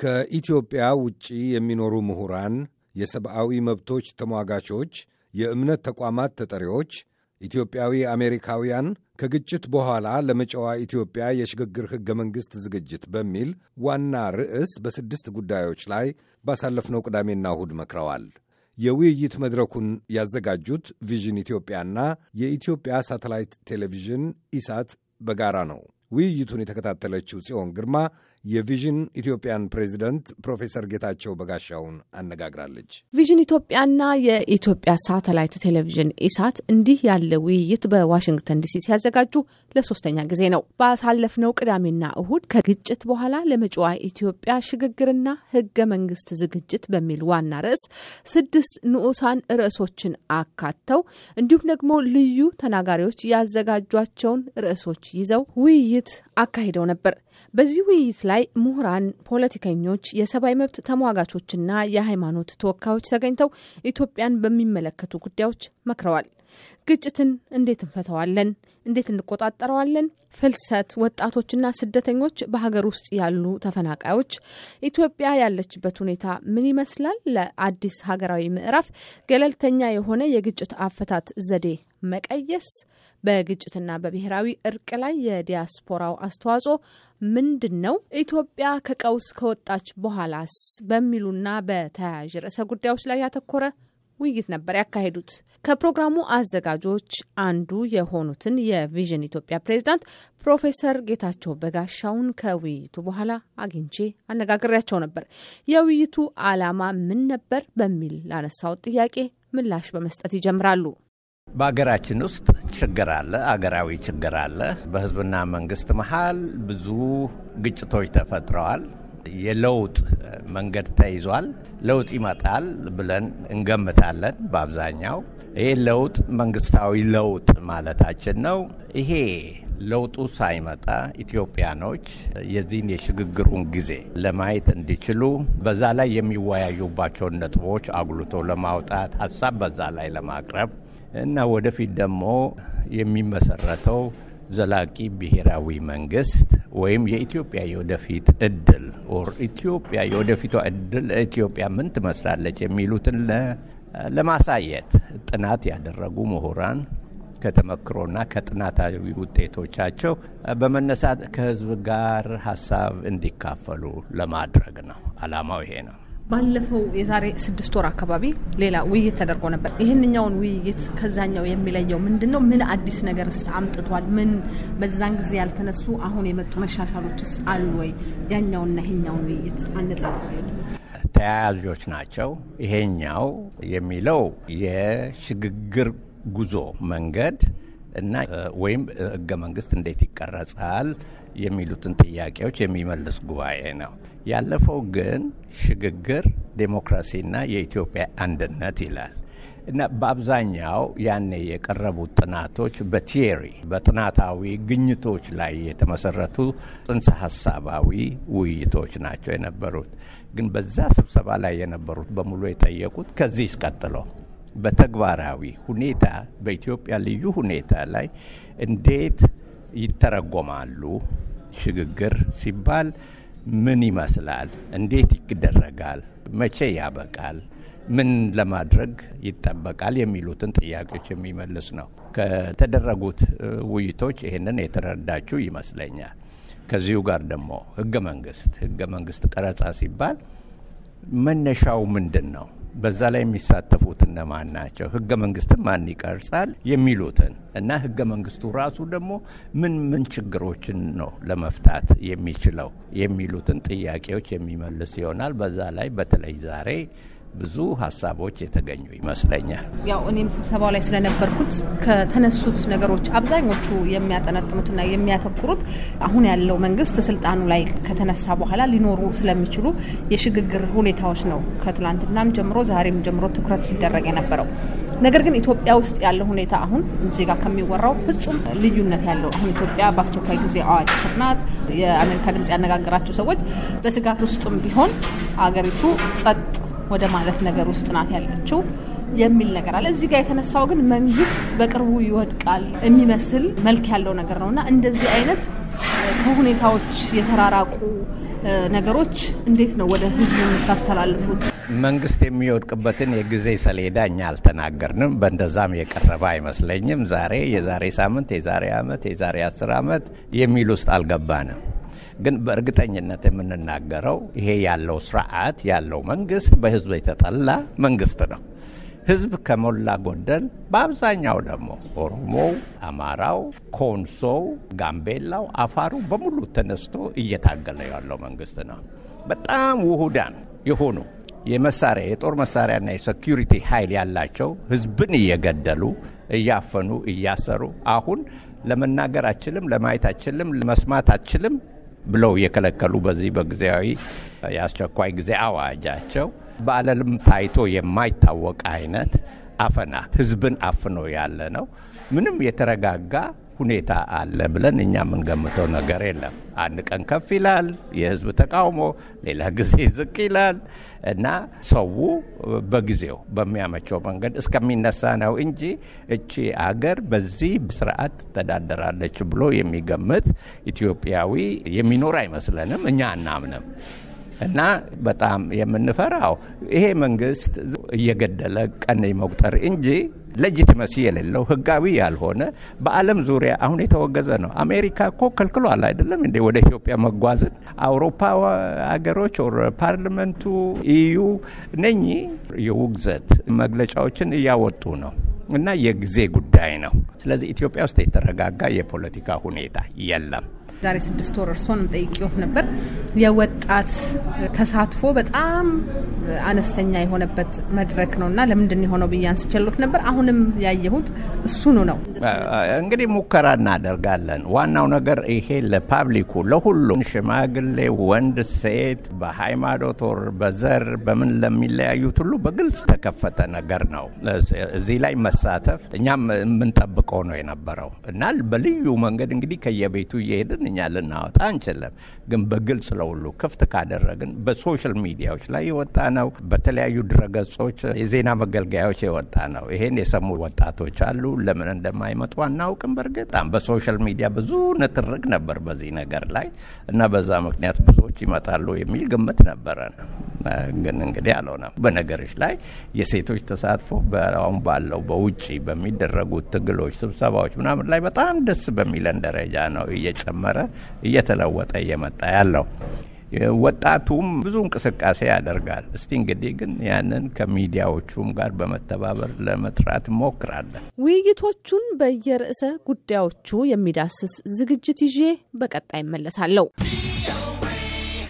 ከኢትዮጵያ ውጪ የሚኖሩ ምሁራን፣ የሰብአዊ መብቶች ተሟጋቾች፣ የእምነት ተቋማት ተጠሪዎች፣ ኢትዮጵያዊ አሜሪካውያን ከግጭት በኋላ ለመጪዋ ኢትዮጵያ የሽግግር ሕገ መንግሥት ዝግጅት በሚል ዋና ርዕስ በስድስት ጉዳዮች ላይ ባሳለፍነው ቅዳሜና እሁድ መክረዋል። የውይይት መድረኩን ያዘጋጁት ቪዥን ኢትዮጵያና የኢትዮጵያ ሳተላይት ቴሌቪዥን ኢሳት በጋራ ነው። ውይይቱን የተከታተለችው ጽዮን ግርማ የቪዥን ኢትዮጵያን ፕሬዚደንት ፕሮፌሰር ጌታቸው በጋሻውን አነጋግራለች። ቪዥን ኢትዮጵያና የኢትዮጵያ ሳተላይት ቴሌቪዥን ኢሳት እንዲህ ያለ ውይይት በዋሽንግተን ዲሲ ሲያዘጋጁ ለሶስተኛ ጊዜ ነው። ባሳለፍነው ቅዳሜና እሁድ ከግጭት በኋላ ለመጪዋ ኢትዮጵያ ሽግግርና ህገ መንግስት ዝግጅት በሚል ዋና ርዕስ ስድስት ንዑሳን ርዕሶችን አካተው እንዲሁም ደግሞ ልዩ ተናጋሪዎች ያዘጋጇቸውን ርዕሶች ይዘው ውይይት አካሂደው ነበር። በዚህ ውይይት ላይ ላይ ምሁራን፣ ፖለቲከኞች፣ የሰብአዊ መብት ተሟጋቾችና የሃይማኖት ተወካዮች ተገኝተው ኢትዮጵያን በሚመለከቱ ጉዳዮች መክረዋል። ግጭትን እንዴት እንፈተዋለን? እንዴት እንቆጣጠረዋለን? ፍልሰት፣ ወጣቶችና ስደተኞች፣ በሀገር ውስጥ ያሉ ተፈናቃዮች፣ ኢትዮጵያ ያለችበት ሁኔታ ምን ይመስላል? ለአዲስ ሀገራዊ ምዕራፍ ገለልተኛ የሆነ የግጭት አፈታት ዘዴ መቀየስ፣ በግጭትና በብሔራዊ እርቅ ላይ የዲያስፖራው አስተዋጽኦ ምንድን ነው? ኢትዮጵያ ከቀውስ ከወጣች በኋላስ በሚሉና በተያያዥ ርዕሰ ጉዳዮች ላይ ያተኮረ ውይይት ነበር ያካሄዱት። ከፕሮግራሙ አዘጋጆች አንዱ የሆኑትን የቪዥን ኢትዮጵያ ፕሬዝዳንት ፕሮፌሰር ጌታቸው በጋሻውን ከውይይቱ በኋላ አግኝቼ አነጋግሬያቸው ነበር። የውይይቱ ዓላማ ምን ነበር በሚል ላነሳው ጥያቄ ምላሽ በመስጠት ይጀምራሉ። በሀገራችን ውስጥ ችግር አለ፣ አገራዊ ችግር አለ። በህዝብና መንግስት መሀል ብዙ ግጭቶች ተፈጥረዋል። የለውጥ መንገድ ተይዟል። ለውጥ ይመጣል ብለን እንገምታለን። በአብዛኛው ይሄ ለውጥ መንግስታዊ ለውጥ ማለታችን ነው። ይሄ ለውጡ ሳይመጣ ኢትዮጵያኖች የዚህን የሽግግሩን ጊዜ ለማየት እንዲችሉ በዛ ላይ የሚወያዩባቸውን ነጥቦች አጉልቶ ለማውጣት ሀሳብ በዛ ላይ ለማቅረብ እና ወደፊት ደግሞ የሚመሰረተው ዘላቂ ብሔራዊ መንግስት ወይም የኢትዮጵያ የወደፊት እድል ኦር ኢትዮጵያ የወደፊቷ እድል ኢትዮጵያ ምን ትመስላለች የሚሉትን ለማሳየት ጥናት ያደረጉ ምሁራን ከተመክሮና ከጥናታዊ ውጤቶቻቸው በመነሳት ከህዝብ ጋር ሀሳብ እንዲካፈሉ ለማድረግ ነው። አላማው ይሄ ነው። ባለፈው የዛሬ ስድስት ወር አካባቢ ሌላ ውይይት ተደርጎ ነበር። ይህንኛውን ውይይት ከዛኛው የሚለየው ምንድን ነው? ምን አዲስ ነገርስ አምጥቷል? ምን በዛን ጊዜ ያልተነሱ አሁን የመጡ መሻሻሎችስ አሉ ወይ? ያኛውና ይሄኛውን ውይይት አነጻጽሩ። ተያያዦች ናቸው። ይሄኛው የሚለው የሽግግር ጉዞ መንገድ እና ወይም ህገ መንግስት እንዴት ይቀረጻል የሚሉትን ጥያቄዎች የሚመልስ ጉባኤ ነው። ያለፈው ግን ሽግግር ዴሞክራሲና የኢትዮጵያ አንድነት ይላል እና በአብዛኛው ያኔ የቀረቡት ጥናቶች በቲሪ በጥናታዊ ግኝቶች ላይ የተመሰረቱ ጽንሰ ሀሳባዊ ውይይቶች ናቸው የነበሩት። ግን በዛ ስብሰባ ላይ የነበሩት በሙሉ የጠየቁት ከዚህ ይስቀጥለው በተግባራዊ ሁኔታ በኢትዮጵያ ልዩ ሁኔታ ላይ እንዴት ይተረጎማሉ? ሽግግር ሲባል ምን ይመስላል? እንዴት ይደረጋል? መቼ ያበቃል? ምን ለማድረግ ይጠበቃል? የሚሉትን ጥያቄዎች የሚመልስ ነው። ከተደረጉት ውይይቶች ይህንን የተረዳችው ይመስለኛል። ከዚሁ ጋር ደግሞ ህገ መንግስት ህገ መንግስት ቀረጻ ሲባል መነሻው ምንድን ነው? በዛ ላይ የሚሳተፉት እነማን ናቸው፣ ህገ መንግስትን ማን ይቀርጻል የሚሉትን እና ህገ መንግስቱ ራሱ ደግሞ ምን ምን ችግሮችን ነው ለመፍታት የሚችለው የሚሉትን ጥያቄዎች የሚመልስ ይሆናል። በዛ ላይ በተለይ ዛሬ ብዙ ሀሳቦች የተገኙ ይመስለኛል። ያው እኔም ስብሰባው ላይ ስለነበርኩት ከተነሱት ነገሮች አብዛኞቹ የሚያጠነጥኑትና የሚያተኩሩት አሁን ያለው መንግስት ስልጣኑ ላይ ከተነሳ በኋላ ሊኖሩ ስለሚችሉ የሽግግር ሁኔታዎች ነው። ከትላንትናም ጀምሮ ዛሬም ጀምሮ ትኩረት ሲደረግ የነበረው ነገር ግን ኢትዮጵያ ውስጥ ያለው ሁኔታ አሁን እዚህ ጋር ከሚወራው ፍጹም ልዩነት ያለው አሁን ኢትዮጵያ በአስቸኳይ ጊዜ አዋጅ ስር ናት። የአሜሪካ ድምጽ ያነጋገራቸው ሰዎች በስጋት ውስጥም ቢሆን አገሪቱ ጸጥ ወደ ማለት ነገር ውስጥ ናት ያለችው የሚል ነገር አለ። እዚህ ጋር የተነሳው ግን መንግስት በቅርቡ ይወድቃል የሚመስል መልክ ያለው ነገር ነው እና እንደዚህ አይነት ከሁኔታዎች የተራራቁ ነገሮች እንዴት ነው ወደ ህዝቡ የምታስተላልፉት? መንግስት የሚወድቅበትን የጊዜ ሰሌዳ እኛ አልተናገርንም። በእንደዛም የቀረበ አይመስለኝም። ዛሬ፣ የዛሬ ሳምንት፣ የዛሬ አመት፣ የዛሬ አስር አመት የሚል ውስጥ አልገባንም። ግን በእርግጠኝነት የምንናገረው ይሄ ያለው ስርዓት ያለው መንግስት በህዝብ የተጠላ መንግስት ነው። ህዝብ ከሞላ ጎደል በአብዛኛው ደግሞ ኦሮሞው፣ አማራው፣ ኮንሶው፣ ጋምቤላው፣ አፋሩ በሙሉ ተነስቶ እየታገለ ያለው መንግስት ነው። በጣም ውሁዳን የሆኑ የመሳሪያ የጦር መሳሪያና የሴኪሪቲ ኃይል ያላቸው ህዝብን እየገደሉ እያፈኑ እያሰሩ አሁን ለመናገር አችልም፣ ለማየት አችልም፣ ለመስማት አችልም ብለው የከለከሉ በዚህ በጊዜያዊ የአስቸኳይ ጊዜ አዋጃቸው በዓለም ታይቶ የማይታወቅ አይነት አፈና ህዝብን አፍኖ ያለ ነው። ምንም የተረጋጋ ሁኔታ አለ ብለን እኛ የምንገምተው ነገር የለም። አንድ ቀን ከፍ ይላል የህዝብ ተቃውሞ፣ ሌላ ጊዜ ዝቅ ይላል እና ሰው በጊዜው በሚያመቸው መንገድ እስከሚነሳ ነው እንጂ እቺ አገር በዚህ ስርዓት ትተዳደራለች ብሎ የሚገምት ኢትዮጵያዊ የሚኖር አይመስለንም፣ እኛ አናምንም። እና በጣም የምንፈራው ይሄ መንግስት እየገደለ ቀን መቁጠር እንጂ ሌጂቲመሲ የሌለው ህጋዊ ያልሆነ በዓለም ዙሪያ አሁን የተወገዘ ነው። አሜሪካ እኮ ከልክሏል አይደለም እንዴ ወደ ኢትዮጵያ መጓዝን። አውሮፓ ሀገሮች ፓርሊመንቱ ኢዩ ነኚ የውግዘት መግለጫዎችን እያወጡ ነው እና የጊዜ ጉዳይ ነው። ስለዚህ ኢትዮጵያ ውስጥ የተረጋጋ የፖለቲካ ሁኔታ የለም። ዛሬ ስድስት ወር እርሶንም ጠይቄዎት ነበር። የወጣት ተሳትፎ በጣም አነስተኛ የሆነበት መድረክ ነው እና ለምንድን የሆነው ብዬ አንስቸሎት ነበር። አሁንም ያየሁት እሱኑ ነው። እንግዲህ ሙከራ እናደርጋለን። ዋናው ነገር ይሄ ለፓብሊኩ ለሁሉም፣ ሽማግሌ፣ ወንድ፣ ሴት፣ በሃይማኖት ወር በዘር በምን ለሚለያዩት ሁሉ በግልጽ ተከፈተ ነገር ነው። እዚህ ላይ መሳተፍ እኛም የምንጠብቀው ነው የነበረው እና በልዩ መንገድ እንግዲህ ከየቤቱ እየሄድን በአማርኛ ልናወጣ አንችልም፣ ግን በግልጽ ለሁሉ ክፍት ካደረግን በሶሻል ሚዲያዎች ላይ የወጣ ነው። በተለያዩ ድረገጾች፣ የዜና መገልገያዎች የወጣ ነው። ይሄን የሰሙ ወጣቶች አሉ። ለምን እንደማይመጡ አናውቅም። በእርግጥ በሶሻል ሚዲያ ብዙ ንትርክ ነበር በዚህ ነገር ላይ እና በዛ ምክንያት ብዙዎች ይመጣሉ የሚል ግምት ነበረን። ግን እንግዲህ አልሆነም። በነገሮች ላይ የሴቶች ተሳትፎ አሁን ባለው በውጭ በሚደረጉት ትግሎች፣ ስብሰባዎች ምናምን ላይ በጣም ደስ በሚለን ደረጃ ነው እየጨመረ እየተለወጠ እየመጣ ያለው። ወጣቱም ብዙ እንቅስቃሴ ያደርጋል። እስቲ እንግዲህ ግን ያንን ከሚዲያዎቹም ጋር በመተባበር ለመጥራት ሞክራለን። ውይይቶቹን በየርዕሰ ጉዳዮቹ የሚዳስስ ዝግጅት ይዤ በቀጣይ እመለሳለሁ።